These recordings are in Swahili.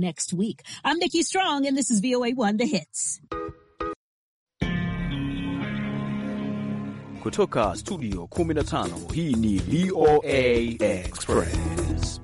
next week. I'm Nikki Strong, and this is VOA One The Hits. Kutoka studio 15, hii ni VOA Express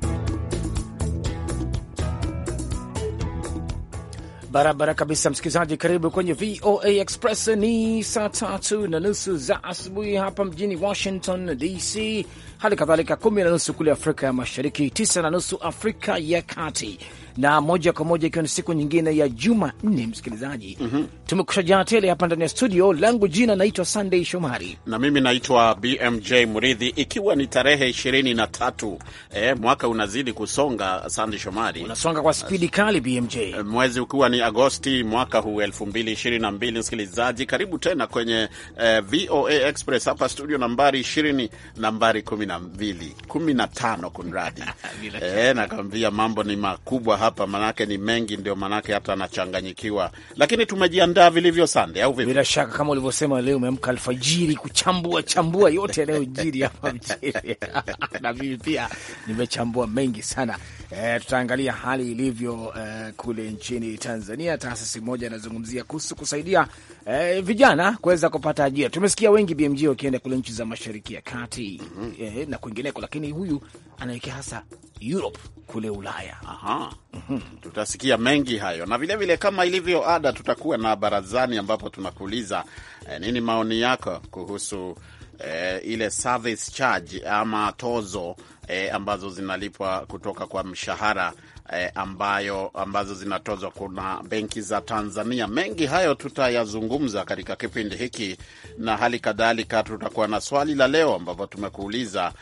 barabara kabisa. Msikilizaji, karibu kwenye VOA Express. Ni saa tatu na nusu za asubuhi hapa mjini Washington DC hali kadhalika kumi na nusu kule Afrika ya Mashariki, tisa na nusu Afrika ya Kati, na moja kwa moja ikiwa ni siku nyingine ya juma nne, msikilizaji mm -hmm. tumekusha jana tele hapa ndani ya studio langu. Jina naitwa Sunday Shomari na mimi naitwa BMJ Muridhi, ikiwa ni tarehe ishirini na tatu eh, mwaka unazidi kusonga. Sunday Shomari, unasonga kwa spidi kali BMJ, eh, mwezi ukiwa ni Agosti mwaka huu elfu mbili ishirini na mbili. Msikilizaji, karibu tena kwenye eh, VOA Express hapa studio nambari ishirini nambari kumi na mbili kumi na tano kunradi e, eh, nakwambia mambo ni makubwa hapa, manake ni mengi, ndio manake hata anachanganyikiwa, lakini tumejiandaa vilivyo sande, au vipi? Bila shaka kama ulivyosema, leo umeamka alfajiri kuchambua chambua yote yanayojiri hapa mjini na mimi pia nimechambua mengi sana. E, tutaangalia hali ilivyo e, kule nchini Tanzania. Taasisi moja inazungumzia kuhusu kusaidia e, vijana kuweza kupata ajira. Tumesikia wengi BMG wakienda kule nchi za mashariki ya kati mm -hmm. E, Eh, na kwingineko, lakini huyu anaelekea hasa Europe kule Ulaya. Aha. Mm -hmm. Tutasikia mengi hayo na vilevile vile, kama ilivyo ada, tutakuwa na barazani ambapo tunakuuliza eh, nini maoni yako kuhusu eh, ile service charge ama tozo eh, ambazo zinalipwa kutoka kwa mshahara eh, ambayo ambazo zinatozwa kuna benki za Tanzania. Mengi hayo tutayazungumza katika kipindi hiki, na hali kadhalika tutakuwa na swali la leo ambapo tumekuuliza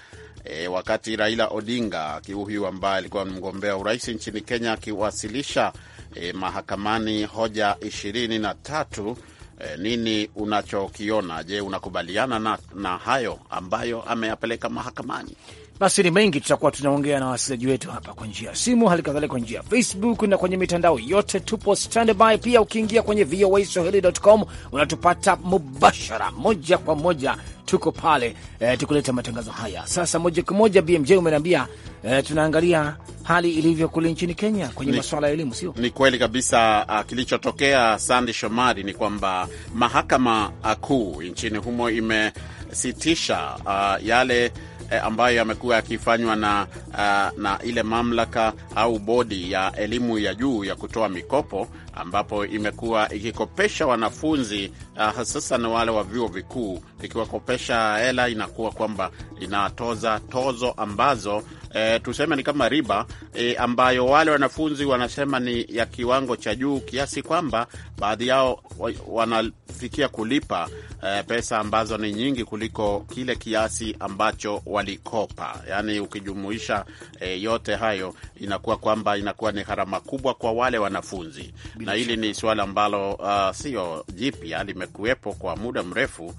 E, wakati Raila Odinga huyu ambaye alikuwa mgombea urais nchini Kenya akiwasilisha e, mahakamani hoja ishirini na tatu e, nini unachokiona? Je, unakubaliana na, na hayo ambayo ameyapeleka mahakamani? basi ni mengi, tutakuwa tunaongea na wasikilizaji wetu hapa kwa njia ya simu, hali kadhalika kwa njia ya Facebook na kwenye mitandao yote, tupo standby. Pia ukiingia kwenye VOA swahili.com unatupata mubashara, moja kwa moja, tuko pale eh, tukuleta matangazo haya sasa moja kwa moja. BMJ umeniambia eh, tunaangalia hali ilivyo kule nchini Kenya kwenye masuala ya elimu, sio? Ni kweli kabisa. Uh, kilichotokea Sande Shomari ni kwamba mahakama ah, kuu nchini humo imesitisha uh, yale Eh, ambayo yamekuwa yakifanywa na, uh, na ile mamlaka au bodi ya elimu ya juu ya kutoa mikopo ambapo imekuwa ikikopesha wanafunzi uh, sasa ni wale wa vyuo vikuu, ikiwakopesha hela inakuwa kwamba inatoza tozo ambazo e, tuseme ni kama riba e, ambayo wale wanafunzi wanasema ni ya kiwango cha juu kiasi kwamba baadhi yao wanafikia kulipa e, pesa ambazo ni nyingi kuliko kile kiasi ambacho walikopa. Yaani ukijumuisha e, yote hayo inakuwa kwamba inakuwa ni gharama kubwa kwa wale wanafunzi, na hili ni suala ambalo uh, sio jipya, limekuwepo kwa muda mrefu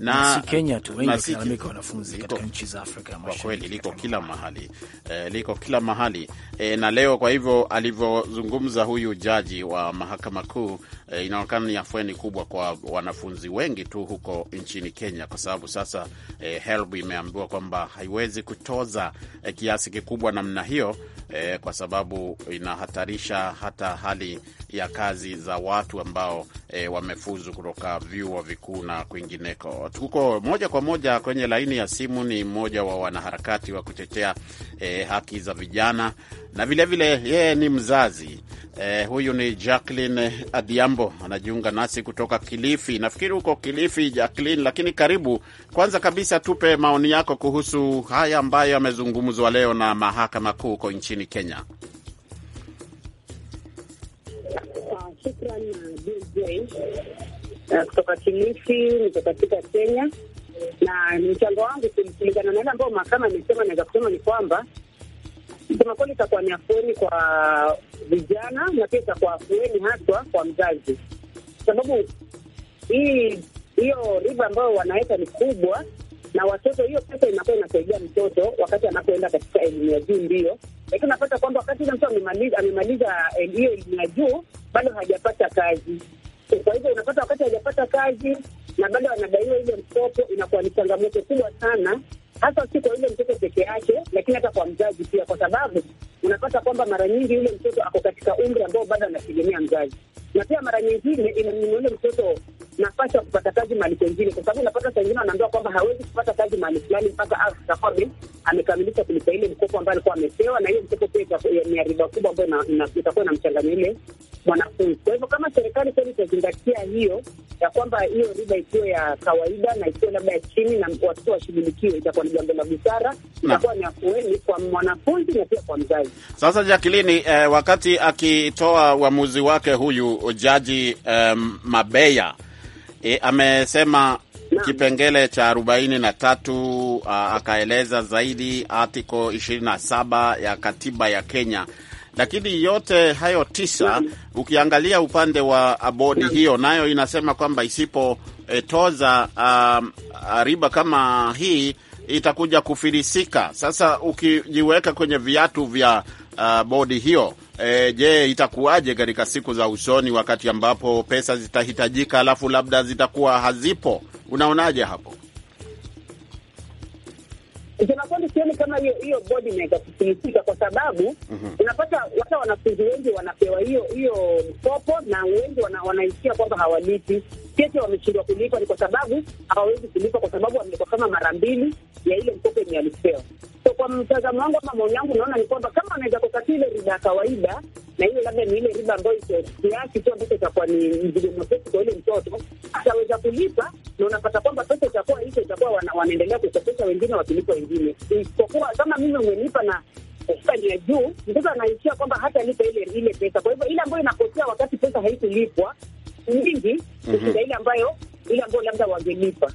na si Kenya tu, wengi wanafunzi katika nchi za Afrika eh, liko kila mahali e, eh, liko kila mahali e, na leo kwa hivyo alivyozungumza huyu jaji wa mahakama kuu e, inaonekana ni afueni kubwa kwa wanafunzi wengi tu huko nchini Kenya kwa sababu sasa e, HELB imeambiwa kwamba haiwezi kutoza e, kiasi kikubwa namna hiyo e, kwa sababu inahatarisha hata hali ya kazi za watu ambao e, wamefuzu kutoka vyuo vikuu na kwingineko. Tuko moja kwa moja kwenye laini ya simu. Ni mmoja wa wanaharakati wa kutetea e, haki za vijana na vilevile yeye ni mzazi e, huyu ni Jacqueline Adiambo anajiunga nasi kutoka Kilifi. Nafikiri huko Kilifi, Jacqueline, lakini karibu. Kwanza kabisa, tupe maoni yako kuhusu haya ambayo yamezungumzwa leo na mahakama kuu huko nchini Kenya. Uh, Eh, kutoka Kilifi, niko katika Kenya, na mchango wangu kulingana na yale ambayo mahakama imesema, naweza kusema ni kwamba kusema kweli itakuwa ni afueni kwa vijana na pia itakuwa afueni haswa kwa mzazi, sababu hii hiyo riba ambayo wanaweka ni kubwa, na watoto, hiyo pesa inakuwa inasaidia mtoto wakati anapoenda katika elimu ya juu, ndio. Lakini unapata kwamba wakati ule mtu amemaliza eh, hiyo elimu ya juu, bado hajapata kazi kwa hivyo unapata wakati hajapata kazi na bado anadaiwa ile mkopo, inakuwa ni changamoto kubwa sana, hasa si kwa yule mtoto peke yake, lakini hata kwa mzazi pia, kwa sababu unapata kwamba mara nyingi yule mtoto ako katika umri ambao bado anategemea mzazi, na pia mara nyingine inamnyima yule mtoto nafasi ya kupata kazi mahali pengine, kwa sababu unapata saa ingine wanaambiwa kwamba hawezi kupata kazi mahali fulani mpaka atakuwa amekamilisha kulipa ile mkopo ambayo alikuwa amepewa, na hiyo mkopo pia ni riba kubwa ambayo itakuwa na mchanganyo ile mwanafunzi. Kwa hivyo kama serikali kweli itazingatia hiyo ya kwamba hiyo riba ikiwa ya kawaida na ikiwa labda ya chini na watoto washughulikiwe, itakuwa ni jambo la busara, itakuwa ni afueni kwa mwanafunzi na pia kwa mzazi. Sasa Jacqueline, eh, wakati akitoa uamuzi wake huyu jaji eh, Mabeya eh, amesema kipengele cha arobaini na tatu ah, akaeleza zaidi article 27 ya katiba ya Kenya lakini yote hayo tisa, ukiangalia upande wa bodi hiyo, nayo inasema kwamba isipotoza e, um, riba kama hii itakuja kufilisika. Sasa ukijiweka kwenye viatu vya uh, bodi hiyo E, je, itakuwaje katika siku za usoni wakati ambapo pesa zitahitajika alafu labda zitakuwa hazipo? Unaonaje hapo? Kusema sioni kama hiyo hiyo bodi inaweza kufilisika kwa sababu mhm. unapata hata wanafunzi wengi wanapewa hiyo hiyo mkopo na wengi wanaishia kwamba hawalipi. Kete wameshindwa kulipa ni kwa sababu hawawezi kulipa, kwa sababu wamelipa kama mara mbili ya ile mkopo yenye alipewa So kwa mtazamo wangu ama maoni yangu, naona ni kwamba kama wanaweza kukatia ile riba ya kawaida, na hiyo labda ni ile riba ambayo kiasi tu ambacho itakuwa ni mzigo mwepesi kwa ule mtoto, ataweza kulipa na unapata kwamba itakuwa hicho itakuwa wanaendelea kukopesha wengine wakiliko wengine, isipokuwa kama mimi umenipa na pesa ni ya juu, mtoto anaishia kwamba hata lipa ile ile pesa. Kwa hivyo ile ambayo inapotea wakati pesa haikulipwa nyingi kushinda mhm. ile ambayo ile ambayo labda wangelipa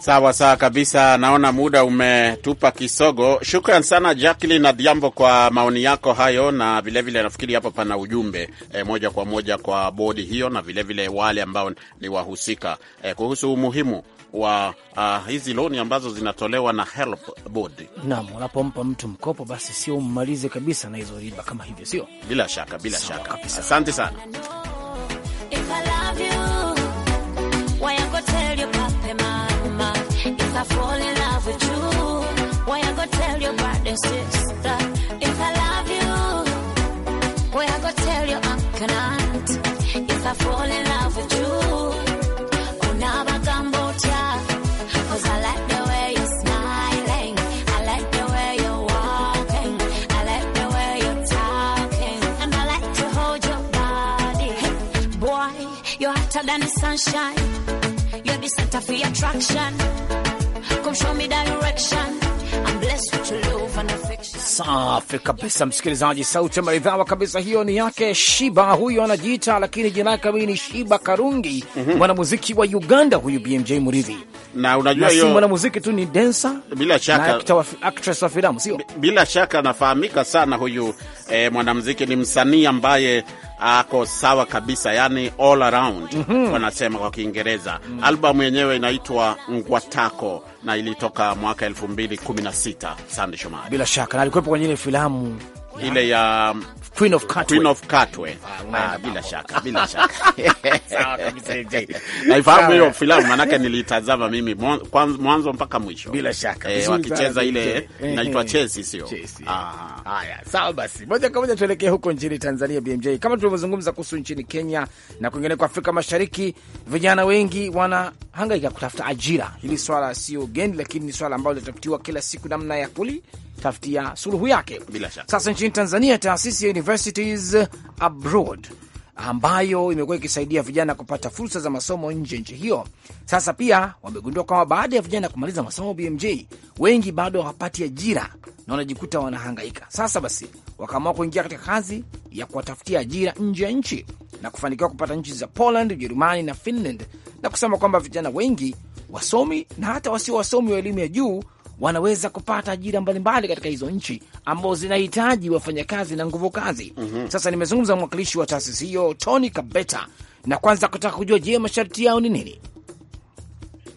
Sawa sawa kabisa, naona muda umetupa kisogo. Shukran sana Jacqueline Adhiambo kwa maoni yako hayo, na vilevile vile nafikiri hapo pana ujumbe e, moja kwa moja kwa bodi hiyo na vilevile vile wale ambao ni wahusika e, kuhusu umuhimu wa uh, hizi loni ambazo zinatolewa na HELB board. Naam, unapompa mtu mkopo basi sio ummalize kabisa na hizo riba kama hivyo, sio bila shaka, bila sawa shaka Asante sana. I fall in love with you, why I go tell your brother sister if I love you? Why I go tell your uncle and if I fall in love with you? Oh, Cause I like the way you're smiling, I like the way you're walking, I like the way you're talking, and I like to hold your body. Hey, boy, you're hotter than the sunshine, you're the center for attraction. Safi kabisa, msikilizaji, sauti ya maridhawa kabisa. Hiyo ni yake Shiba, huyu anajiita, lakini jina yake kamili ni Shiba Karungi, mhm. mwanamuziki mm -hmm. wa Uganda huyu, BMJ Muridhi. Na unajua hiyo mwanamuziki tu, ni densa, bila shaka, na actress wa filamu, sio bila shaka, anafahamika sana huyu eh, mwanamuziki ni msanii ambaye ako sawa kabisa, yani all around mm -hmm. wanasema kwa Kiingereza mm -hmm. Albamu yenyewe inaitwa Ngwatako na ilitoka mwaka 2016. Sande Shomari, bila shaka na alikuwepo kwenye ile filamu ile ya Queen of Katwe. Queen of Katwe. Ah, ah, bila shaka, bila shaka. Sawa kabisa JJ. Naifahamu hiyo filamu manake nilitazama mimi mwanzo mpaka mwisho. Bila shaka. Eh, wakicheza ile inaitwa eh, Chelsea sio? Ah, haya. Sawa basi. Moja kwa moja tuelekee huko nchini Tanzania BMJ. Kama tulivyozungumza kuhusu nchini Kenya na kwingine kwa Afrika Mashariki, vijana wengi wanahangaika kutafuta ajira. Hili swala sio geni, lakini ni swala ambalo linatafutiwa kila siku namna ya kuli kutafutia suluhu yake. Bila shaka, sasa nchini Tanzania, taasisi ya Universities Abroad ambayo imekuwa ikisaidia vijana kupata fursa za masomo nje nchi hiyo, sasa pia wamegundua kwamba baada ya vijana kumaliza masomo BMJ, wengi bado hawapati ajira na wanajikuta wanahangaika. Sasa basi, wakaamua kuingia katika kazi ya kuwatafutia ajira nje ya nchi na kufanikiwa kupata nchi za Poland, Ujerumani na Finland, na kusema kwamba vijana wengi wasomi na hata wasio wasomi wa elimu ya juu wanaweza kupata ajira mbalimbali katika hizo nchi ambao zinahitaji wafanyakazi na nguvu kazi. mm -hmm. Sasa nimezungumza mwakilishi wa taasisi hiyo Tony Kabeta, na kwanza kutaka kujua, je, masharti yao ni nini?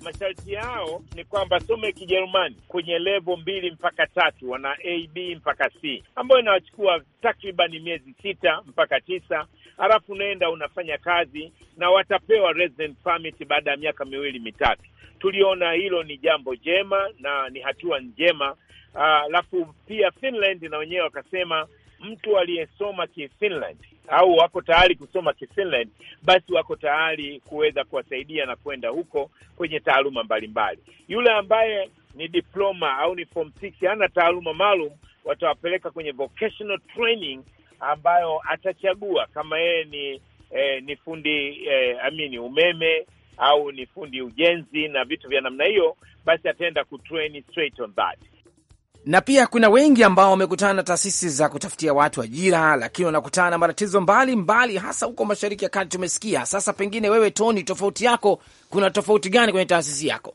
Masharti yao ni kwamba some Kijerumani kwenye levo mbili mpaka tatu, wana ab mpaka c ambayo inawachukua takribani miezi sita mpaka tisa halafu unaenda unafanya kazi na watapewa resident permit baada ya miaka miwili mitatu. Tuliona hilo ni jambo jema na ni hatua njema. Ah, alafu uh, pia Finland na wenyewe wakasema mtu aliyesoma Kifinland au wako tayari kusoma Kifinland basi wako tayari kuweza kuwasaidia na kwenda huko kwenye taaluma mbalimbali. Yule ambaye ni diploma au ni form six, hana taaluma maalum, watawapeleka kwenye vocational training ambayo atachagua kama yeye ni eh, ni fundi eh, amini umeme au ni fundi ujenzi na vitu vya namna hiyo, basi ataenda kutrain straight on that. Na pia kuna wengi ambao wamekutana na taasisi za kutafutia watu ajira, lakini wanakutana na matatizo mbalimbali, hasa huko Mashariki ya Kati tumesikia. Sasa pengine wewe Tony, tofauti yako, kuna tofauti gani kwenye taasisi yako?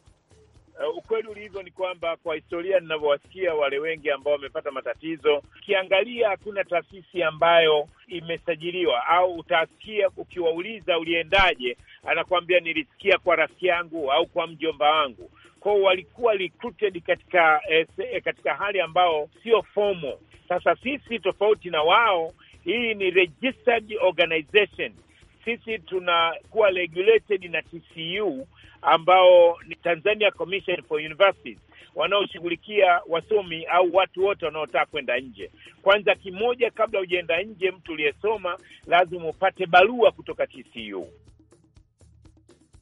Uh, ukweli ulivyo ni kwamba kwa historia ninavyowasikia wale wengi ambao wamepata matatizo, ukiangalia hakuna taasisi ambayo imesajiliwa, au utasikia ukiwauliza uliendaje, anakuambia nilisikia kwa rafiki yangu au kwa mjomba wangu. Kwao walikuwa recruited katika eh, eh, katika hali ambao sio formal. Sasa sisi tofauti na wao, hii ni registered organization sisi tunakuwa regulated na TCU ambao ni Tanzania Commission for Universities wanaoshughulikia wasomi au watu wote wanaotaka kwenda nje. Kwanza kimoja, kabla hujaenda nje, mtu uliyesoma lazima upate barua kutoka TCU.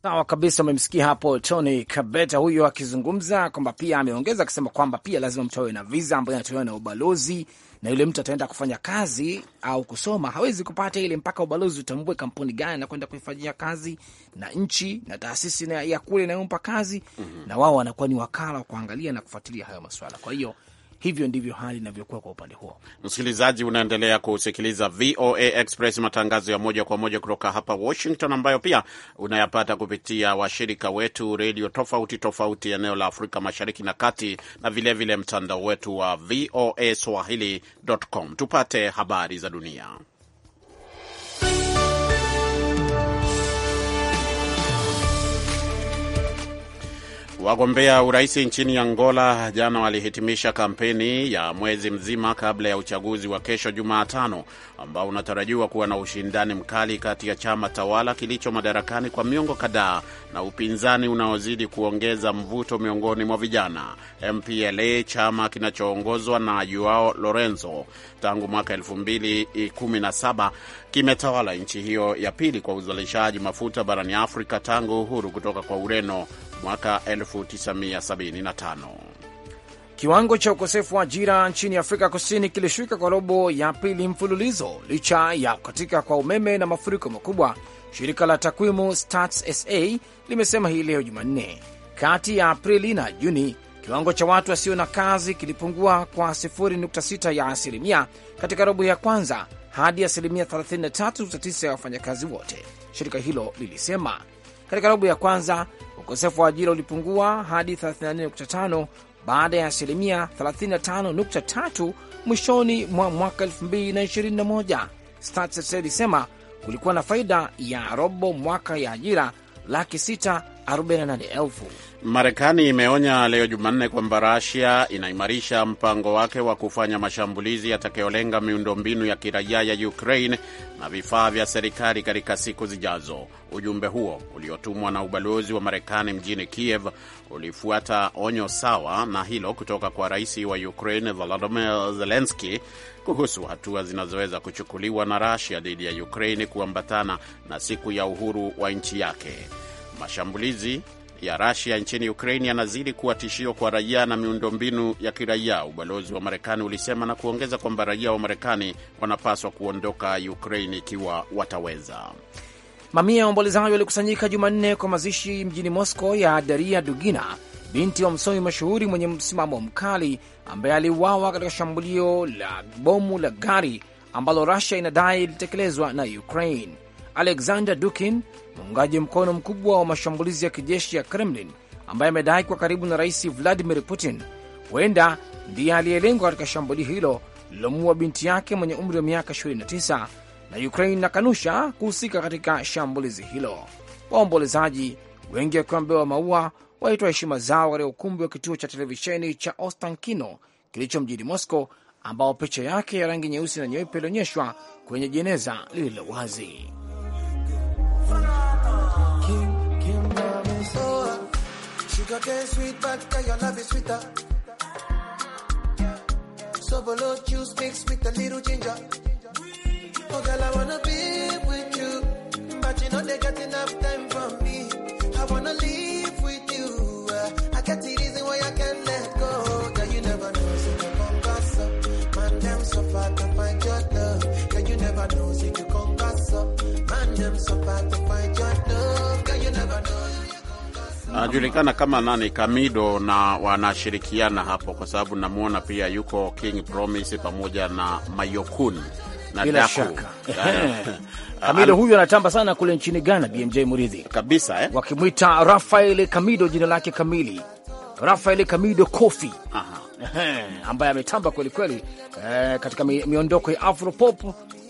Sawa kabisa. Umemsikia hapo Tony Kabeta huyo akizungumza kwamba pia ameongeza akisema kwamba pia lazima mtu awe na visa ambayo inatolewa na ubalozi na yule mtu ataenda kufanya kazi au kusoma, hawezi kupata ile mpaka ubalozi utambue kampuni gani na kwenda kuifanyia kazi na nchi na taasisi ya kule inayompa kazi mm -hmm. na wao wanakuwa ni wakala wa kuangalia na kufuatilia hayo maswala. Kwa hiyo Hivyo ndivyo hali inavyokuwa kwa upande huo. Msikilizaji, unaendelea kusikiliza VOA Express, matangazo ya moja kwa moja kutoka hapa Washington, ambayo pia unayapata kupitia washirika wetu redio tofauti tofauti eneo la Afrika Mashariki na Kati, na vilevile mtandao wetu wa VOA Swahili.com. Tupate habari za dunia. Wagombea urais nchini Angola jana walihitimisha kampeni ya mwezi mzima kabla ya uchaguzi wa kesho Jumatano, ambao unatarajiwa kuwa na ushindani mkali kati ya chama tawala kilicho madarakani kwa miongo kadhaa na upinzani unaozidi kuongeza mvuto miongoni mwa vijana. MPLA, chama kinachoongozwa na Joao Lorenzo tangu mwaka 2017, kimetawala nchi hiyo ya pili kwa uzalishaji mafuta barani Afrika tangu uhuru kutoka kwa Ureno mwaka 1975. Kiwango cha ukosefu wa ajira nchini Afrika Kusini kilishuka kwa robo ya pili mfululizo licha ya kukatika kwa umeme na mafuriko makubwa, shirika la takwimu Stats SA limesema hii leo Jumanne. Kati ya Aprili na Juni, kiwango cha watu wasio na kazi kilipungua kwa 0.6 ya asilimia katika robo ya kwanza hadi asilimia 33.9 ya wafanyakazi wote, shirika hilo lilisema. Katika robo ya kwanza ukosefu wa ajira ulipungua hadi 34.5 baada ya asilimia 35.3 mwishoni mwa mwaka 2021. Stats ilisema kulikuwa na faida ya robo mwaka ya ajira laki 648 elfu. Marekani imeonya leo Jumanne kwamba Rasia inaimarisha mpango wake wa kufanya mashambulizi yatakayolenga miundombinu ya kiraia ya Ukraine na vifaa vya serikali katika siku zijazo. Ujumbe huo uliotumwa na ubalozi wa Marekani mjini Kiev ulifuata onyo sawa na hilo kutoka kwa rais wa Ukraine Volodymyr Zelensky kuhusu hatua zinazoweza kuchukuliwa na Rasia dhidi ya Ukraine kuambatana na siku ya uhuru wa nchi yake. Mashambulizi ya Rasia nchini Ukraini yanazidi kuwa tishio kwa raia na miundombinu ya kiraia, ubalozi wa Marekani ulisema na kuongeza kwamba raia wa Marekani wanapaswa kuondoka Ukraini ikiwa wataweza. Mamia ya waombolezaji walikusanyika Jumanne kwa mazishi mjini Moscow ya Daria Dugina, binti wa msomi mashuhuri mwenye msimamo mkali ambaye aliuawa katika shambulio la bomu la gari ambalo Rasia inadai ilitekelezwa na Ukraine. Alexander Dukin, muungaji mkono mkubwa wa mashambulizi ya kijeshi ya Kremlin ambaye amedai kwa karibu na Rais Vladimir Putin, huenda ndiye aliyelengwa katika shambulio hilo lilomuua binti yake mwenye umri wa miaka 29, na Ukraine nakanusha kuhusika katika shambulizi hilo. Waombolezaji wengi wakiwa mbewa maua walitoa heshima zao katika ukumbi wa kituo cha televisheni cha Ostankino kilicho mjini Moscow, ambao picha yake ya rangi nyeusi na nyeupe ilionyeshwa kwenye jeneza lililo wazi. Your taste sweet, but girl, your love is sweeter. So below juice mixed with a little ginger. Oh, girl, I wanna be with you, but you know they got enough time. anajulikana kama nani, Kamido, na wanashirikiana hapo, kwa sababu namwona pia yuko King Promise pamoja na Mayokun na bila Daku. shaka eh. Kamido huyu anatamba sana kule nchini Ghana, BMJ Muridhi kabisa eh? wakimwita Rafael Kamido, jina lake kamili Rafael Kamido Kofi ambaye ametamba kwelikweli eh, katika miondoko ya Afropop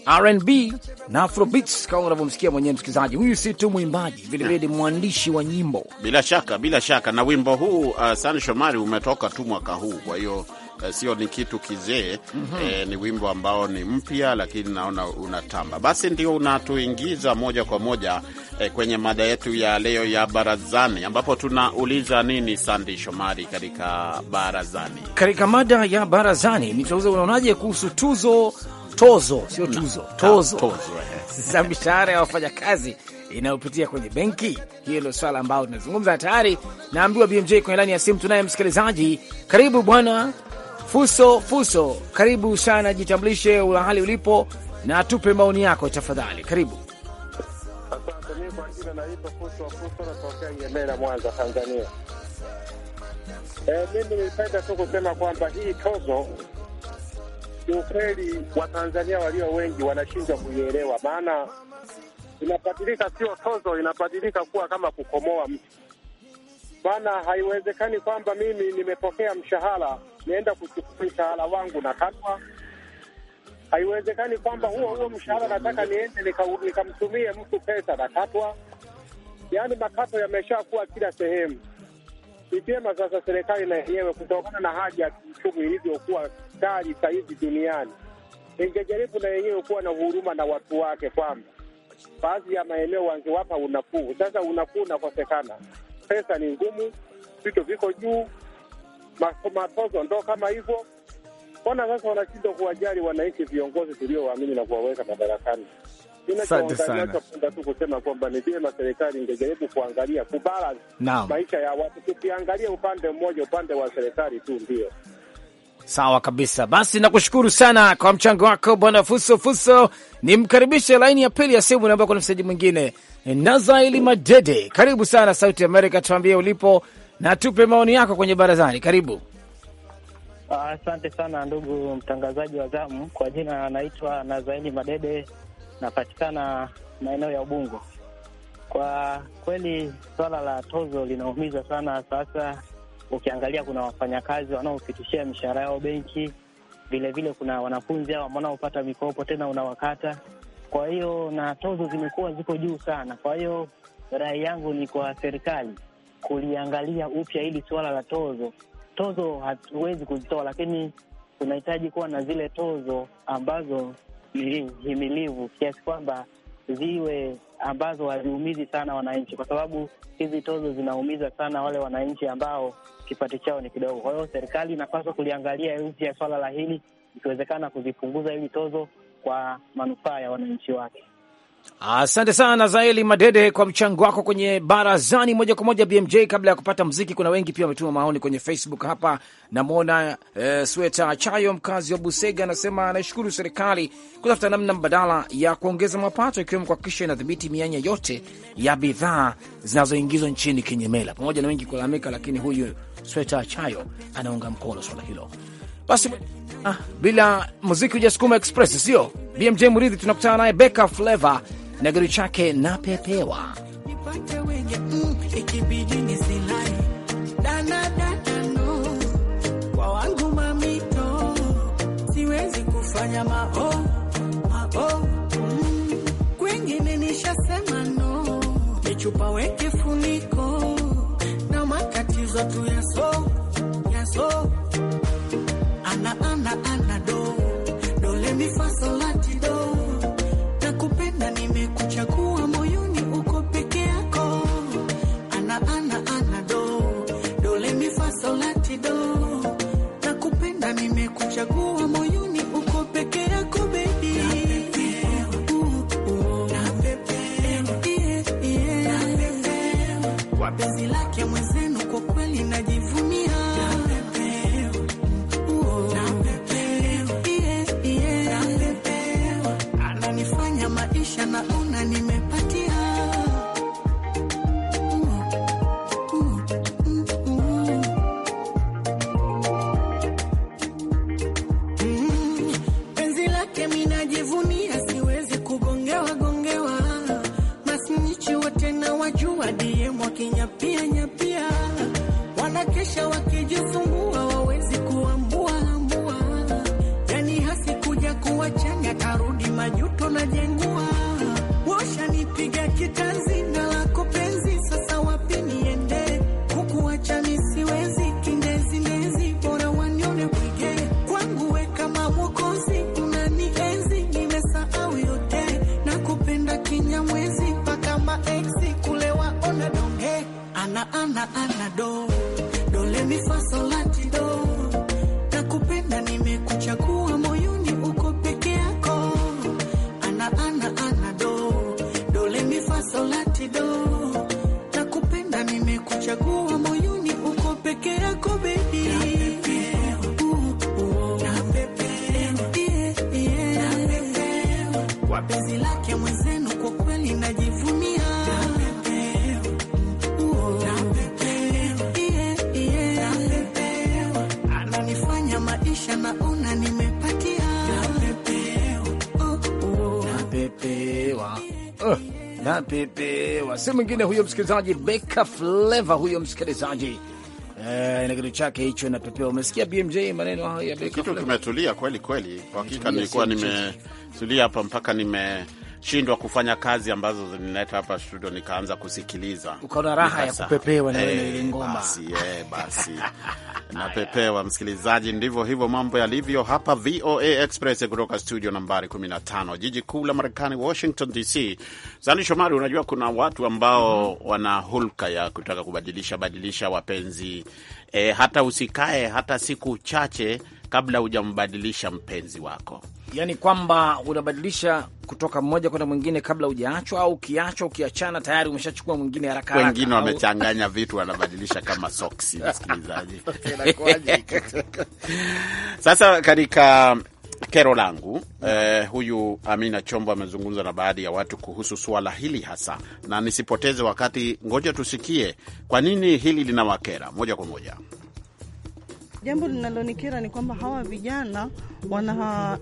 R&B na Afrobeats kama unavyomsikia mwenyewe msikilizaji. Huyu si tu mwimbaji, vilevile ni mwandishi wa nyimbo. Bila shaka, bila shaka. Na wimbo huu uh, San Shomari umetoka tu mwaka huu, kwa hiyo uh, sio ni kitu kizee mm -hmm. Eh, ni wimbo ambao ni mpya, lakini naona unatamba. Basi ndio unatuingiza moja kwa moja eh, kwenye mada yetu ya leo ya barazani, ambapo tunauliza nini, Sandi Shomari, katika barazani, katika mada ya barazani ni unaonaje kuhusu tuzo tozo, sio tuzo, tozo, tozo za mishahara ya wafanyakazi inayopitia kwenye benki. Hiyo ndio swala ambayo tunazungumza tayari. Naambiwa BMJ kwenye laini ya simu tunaye msikilizaji. Karibu bwana Fuso Fuso, karibu sana, jitambulishe hali ulipo na tupe maoni yako tafadhali, karibu. Mwanza, Tanzania. Eh, mimi nilipenda tu kusema kwamba hii tozo kiukweli Watanzania walio wengi wanashindwa kuielewa, maana inabadilika, sio tozo, inabadilika kuwa kama kukomoa mtu. Maana haiwezekani kwamba mimi nimepokea mshahara nienda kuchukua mshahara wangu na kanwa haiwezekani kwamba huo huo mshahara nataka niende nikamtumie nika mtu pesa nakatwa. Yaani makato yameshakuwa kila sehemu. Ni vyema sasa serikali na yenyewe kutokana na haja ya kiuchumi ilivyokuwa serikali sahizi duniani ingejaribu na yenyewe kuwa na huruma na watu wake, kwamba baadhi ya maeneo wangewapa unafuu. Sasa unafuu unakosekana, pesa ni ngumu, vitu viko juu, matozo ndo kama hivyo. Mbona sasa wanashindwa kuwajali wananchi, viongozi tuliowaamini na kuwaweka madarakani? Ninachopenda tu kusema kwamba ni vyema serikali ingejaribu kuangalia kubalansi maisha ya watu. Tukiangalia upande mmoja, upande wa serikali tu ndio Sawa kabisa, basi nakushukuru sana kwa mchango wako bwana Fuso Fuso. Nimkaribishe laini ya pili ya simu, naomba kuna msaji mwingine Nazaili Madede, karibu sana Sauti Amerika, tuambie ulipo na tupe maoni yako kwenye barazani. Karibu. Asante uh, sana ndugu mtangazaji wa zamu. Kwa jina anaitwa Nazaili Madede, napatikana maeneo ya Ubungo. Kwa kweli swala la tozo linaumiza sana sasa ukiangalia kuna wafanyakazi wanaopitishia mishahara yao benki, vilevile kuna wanafunzi hao wanaopata mikopo tena unawakata. Kwa hiyo na tozo zimekuwa ziko juu sana. Kwa hiyo rai yangu ni kwa serikali kuliangalia upya hili suala la tozo. Tozo hatuwezi kuzitoa, lakini tunahitaji kuwa na zile tozo ambazo ni himilivu kiasi kwamba ziwe ambazo haziumizi sana wananchi, kwa sababu hizi tozo zinaumiza sana wale wananchi ambao kipato chao ni kidogo. Kwa hiyo serikali inapaswa kuliangalia upya swala la hili, ikiwezekana kuzipunguza hili tozo kwa manufaa ya wananchi wake. Asante sana Zaeli Madede kwa mchango wako kwenye barazani moja kwa moja BMJ. Kabla ya kupata mziki, kuna wengi pia wametuma maoni kwenye Facebook hapa. Namwona e, Sweta Chayo, mkazi wa Busega, anasema anashukuru serikali kutafuta namna mbadala ya kuongeza mapato, ikiwemo kuhakikisha inadhibiti mianya yote ya bidhaa zinazoingizwa nchini kinyemela, pamoja na wengi kulalamika, lakini huyu Sweta Chayo anaunga mkono swala hilo. Basi ah, bila muziki hujasukuma express, sio BMJ Muridhi. Tunakutana naye Beka Flava na gari chake na pepewa kwengine nishasema no, nichupa weke funiko na matatizo tu yaso yaso I'm not. pepe wase mwingine huyo msikilizaji, Beka Fleva huyo msikilizaji Eh, na kitu chake hicho na pepeo. Umesikia BMJ maneno hayo ya Beka kitu kimetulia kweli kweli. Kwa hakika nilikuwa nimetulia hapa mpaka nime shindwa kufanya kazi ambazo zinileta hapa studio, nikaanza kusikiliza, ukaona raha ya kupepewa na eh, ile ngoma. Basi eh, basi napepewa. Msikilizaji, ndivyo hivyo mambo yalivyo hapa VOA Express kutoka studio nambari 15 jiji kuu la Marekani, Washington DC. sandi Shomari, unajua kuna watu ambao mm -hmm. wana hulka ya kutaka kubadilisha badilisha wapenzi e, hata usikae hata siku chache kabla hujambadilisha mpenzi wako. Yani kwamba unabadilisha kutoka mmoja kwenda mwingine kabla hujaachwa, au ukiachwa, ukiachana tayari umeshachukua mwingine haraka haraka. Wengine wamechanganya vitu wanabadilisha kama soksi, msikilizaji Sasa katika kero langu eh, huyu Amina Chombo amezungumza na baadhi ya watu kuhusu suala hili hasa, na nisipoteze wakati, ngoja tusikie kwa nini hili linawakera moja kwa moja. Jambo linalonikera ni kwamba hawa vijana wana,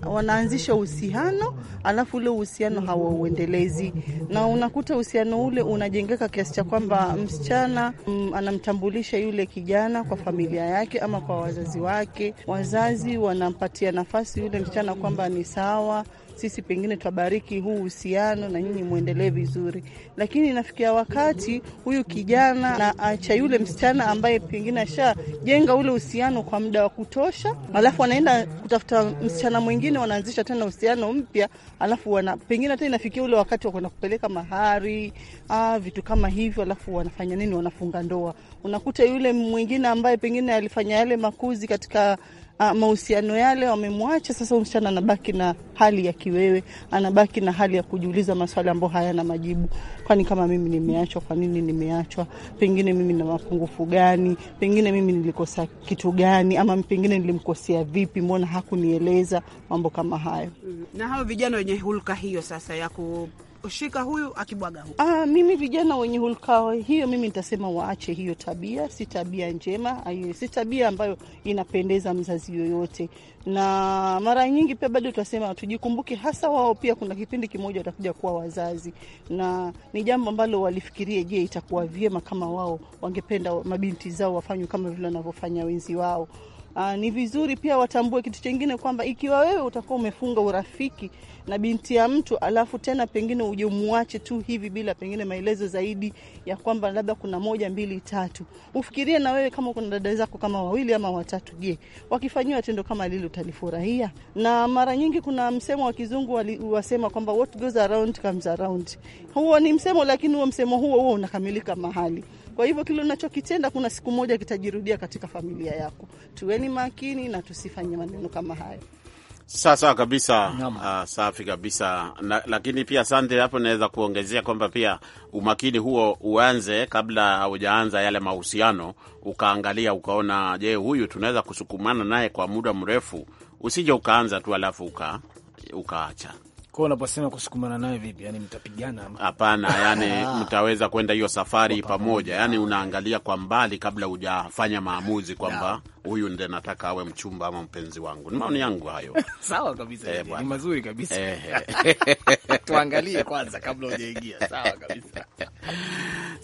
wanaanzisha uhusiano alafu ule uhusiano hawauendelezi, na unakuta uhusiano ule unajengeka kiasi cha kwamba msichana m, mm, anamtambulisha yule kijana kwa familia yake ama kwa wazazi wake. Wazazi wanampatia nafasi yule msichana kwamba ni sawa sisi pengine twabariki huu uhusiano na nyinyi mwendelee vizuri, lakini inafikia wakati huyu kijana na acha yule msichana ambaye pengine ashajenga ule uhusiano kwa muda wa kutosha, alafu wanaenda kutafuta msichana mwingine, wanaanzisha tena uhusiano mpya, alafu wana pengine hata inafikia ule wakati wa kwenda kupeleka mahari ah, vitu kama hivyo, alafu wanafanya nini? Wanafunga ndoa. Unakuta yule mwingine ambaye pengine alifanya yale makuzi katika Ah, mahusiano yale wamemwacha. Sasa msichana anabaki na hali ya kiwewe, anabaki na hali ya kujiuliza maswali ambayo hayana majibu. Kwani kama mimi nimeachwa, kwa nini nimeachwa? Pengine mimi na mapungufu gani? Pengine mimi nilikosa kitu gani? Ama pengine nilimkosea vipi? Mbona hakunieleza? Mambo kama hayo. Mm. Na hao vijana wenye hulka hiyo sasa ya ku shika huyu akibwaga huyu. Ah, mimi vijana wenye hulka hiyo, mimi nitasema waache hiyo tabia, si tabia njema, si tabia ambayo inapendeza mzazi yoyote. Na mara nyingi pia bado tutasema tujikumbuke, hasa wao pia, kuna kipindi kimoja watakuja kuwa wazazi, na ni jambo ambalo walifikirie, je, itakuwa vyema kama wao wangependa mabinti zao wafanywe kama vile wanavyofanya wenzi wao. Uh, ni vizuri pia watambue kitu chingine kwamba ikiwa wewe utakuwa umefunga urafiki na binti ya mtu alafu tena pengine uje muache tu hivi bila pengine maelezo zaidi ya kwamba labda kuna moja mbili tatu, ufikirie na wewe kama kuna dada zako kama wawili ama watatu. Je, wakifanyiwa tendo kama lile utalifurahia? Na mara nyingi kuna msemo wa kizungu wasema kwamba what goes around comes around. Huo ni msemo, lakini huo msemo huo huo unakamilika mahali kwa hivyo kile unachokitenda kuna siku moja kitajirudia katika familia yako. Tuweni makini na tusifanye maneno kama hayo. Sasa kabisa, uh, safi kabisa na, lakini pia sande hapo, naweza kuongezea kwamba pia umakini huo uanze kabla haujaanza yale mahusiano, ukaangalia ukaona, je, huyu tunaweza kusukumana naye kwa muda mrefu? Usije ukaanza tu alafu uka ukaacha kwa unaposema kusukumana naye vipi? Yani mtapigana? Hapana, yani ah. mtaweza kwenda hiyo safari kwa pamoja, yani unaangalia kwa mbali kabla hujafanya maamuzi kwamba huyu ndiye nataka awe mchumba ama mpenzi wangu. Ni maoni yangu hayo. Sawa kabisa, eh, ni mazuri kabisa. Eh, eh. Tuangalie kwanza kabla hujaingia. Sawa kabisa.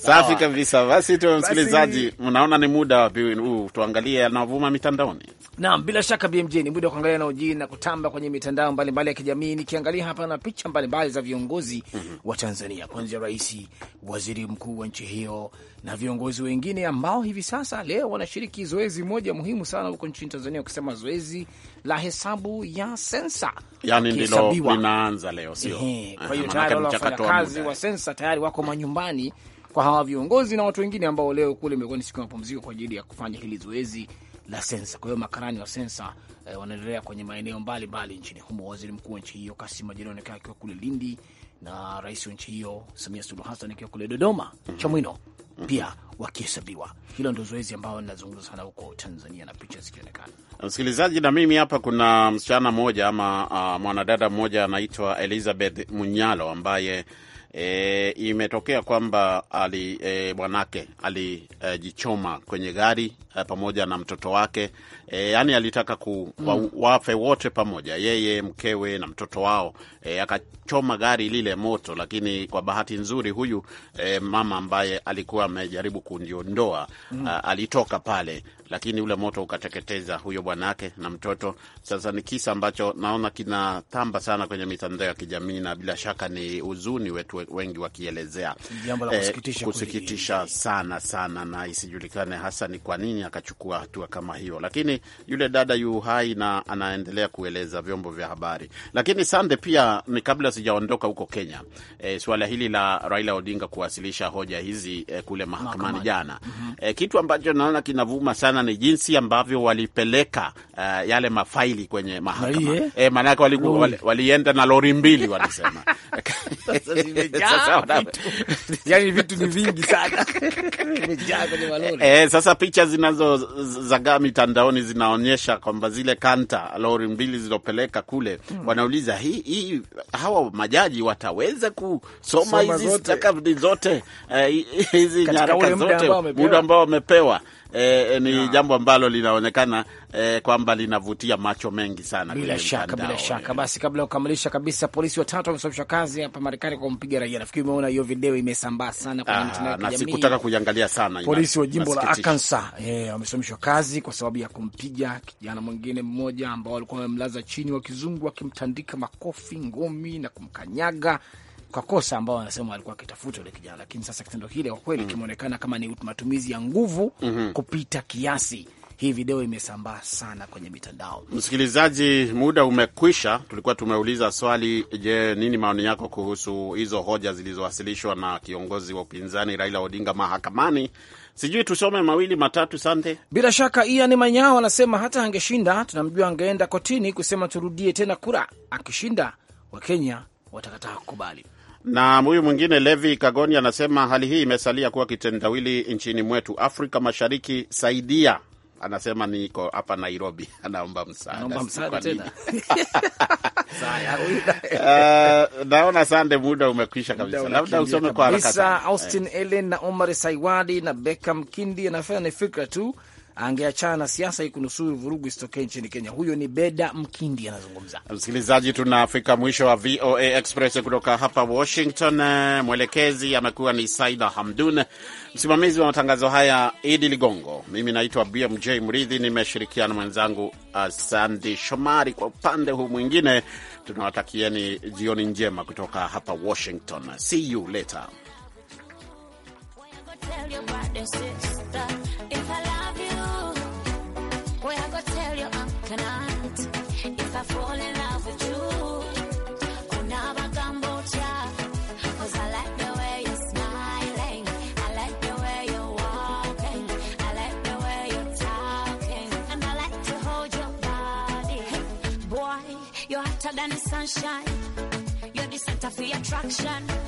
Safi kabisa. Basi tu msikilizaji, mnaona ni muda wapi huu, uh, tuangalie anavuma mitandaoni. Naam, bila shaka BMJ, ni muda wa kuangalia naojii na kutamba kwenye mitandao mbalimbali ya kijamii, nikiangalia hapa na picha mbalimbali za viongozi mm -hmm. wa Tanzania, kuanzia rais, waziri mkuu wa nchi hiyo na viongozi wengine ambao hivi sasa leo wanashiriki zoezi moja muhimu sana huko nchini Tanzania, ukisema zoezi la hesabu ya sensa, yani ndilo linaanza leo, sio? Kwa hiyo tayari wafanyakazi wa sensa tayari wako manyumbani kwa hawa viongozi na watu wengine ambao leo kule imekuwa ni siku ya mapumziko kwa ajili ya kufanya hili zoezi la sensa. Kwa hiyo makarani wa sensa eh, wanaendelea kwenye maeneo mbalimbali nchini humo. Waziri mkuu wa nchi hiyo Kassim Majaliwa anaonekana akiwa kule Lindi na rais wa nchi hiyo Samia Suluhu Hassan akiwa kule Dodoma mhm. Chamwino mhm. pia wakihesabiwa. Hilo ndo zoezi ambayo linazungumza sana huko Tanzania na picha zikionekana. Msikilizaji, na mimi hapa kuna msichana mmoja ama uh, mwanadada mmoja anaitwa Elizabeth Munyalo ambaye e, imetokea kwamba ali, e, bwanake alijichoma e, kwenye gari e, pamoja na mtoto wake e, yani alitaka kuwafe mm. wote pamoja, yeye mkewe na mtoto wao e, akachoma gari lile moto, lakini kwa bahati nzuri huyu e, mama ambaye alikuwa amejaribu kujiondoa mm. alitoka pale lakini ule moto ukateketeza huyo bwanake na mtoto. Sasa ni kisa ambacho naona kinatamba sana kwenye mitandao ya kijamii, na bila shaka ni huzuni wetu wengi wakielezea eh, kusikitisha kusikitisha sana sana, na isijulikane hasa ni kwa nini akachukua hatua kama hiyo, lakini yule dada yu hai na anaendelea kueleza vyombo vya habari. Lakini sande pia ni kabla sijaondoka huko Kenya, eh, suala hili la Raila Odinga kuwasilisha hoja hizi eh, kule mahakamani jana, mm -hmm. eh, kitu ambacho naona kinavuma sana sana ni jinsi ambavyo walipeleka uh, yale mafaili kwenye mahakama eh, maanake wali, walienda na lori mbili wanasema. Yani vitu ni vingi sana eh, sasa picha zinazozagaa mitandaoni zinaonyesha kwamba zile kanta lori mbili zilopeleka kule hmm. Wanauliza hii hawa majaji wataweza kusoma hizi stakabadhi zote eh, hizi nyaraka zote muda ambao wamepewa Eh, eh, ni yeah, jambo ambalo linaonekana eh, kwamba linavutia macho mengi sana. Bila shaka, bila shaka. Basi kabla ukamilisha kabisa, polisi watatu wamesababisha kazi hapa Marekani kwa kumpiga raia. Nafikiri umeona hiyo video imesambaa sana kwenye ah, mtandao na sikutaka kuiangalia sana. Polisi wa jimbo la Arkansas eh, wamesimamishwa kazi kwa sababu ya kumpiga kijana mwingine mmoja ambao walikuwa wamemlaza chini, wakizungu wakimtandika makofi, ngumi na kumkanyaga kwa kosa ambao wanasema walikuwa wakitafuta ule kijana, lakini sasa kitendo kile kwa kweli mm kimeonekana kama ni matumizi ya nguvu mm -hmm. kupita kiasi. Hii video imesambaa sana kwenye mitandao. Msikilizaji, muda umekwisha. Tulikuwa tumeuliza swali, je, nini maoni yako kuhusu hizo hoja zilizowasilishwa na kiongozi wa upinzani Raila Odinga mahakamani? Sijui tusome mawili matatu. Sante, bila shaka. Ian Manyao anasema hata angeshinda, tunamjua angeenda kotini kusema turudie tena kura. Akishinda Wakenya watakataa kukubali. Na huyu mwingine Levi Kagoni anasema hali hii imesalia kuwa kitendawili nchini mwetu Afrika Mashariki, saidia Anasema niko hapa Nairobi, anaomba msaada msaada. Uh, naona sande, muda umekwisha kabisa, labda usome kwa haraka. Austin eh. Ellen na Omar Saiwadi na Beka Kindi anafanya ni fikra tu angeachana na siasa ikunusuru vurugu isitokee nchini Kenya. Huyo ni Beda Mkindi anazungumza. Msikilizaji, tunafika mwisho wa VOA Express kutoka hapa Washington. Eh, mwelekezi amekuwa ni Saida Hamdun, msimamizi wa matangazo haya Idi Ligongo. Mimi naitwa BMJ Mridhi, nimeshirikiana mwenzangu uh, Sandi Shomari kwa upande huu mwingine. Tunawatakieni jioni njema kutoka hapa Washington. See you later. sunshine. You're the center for attraction.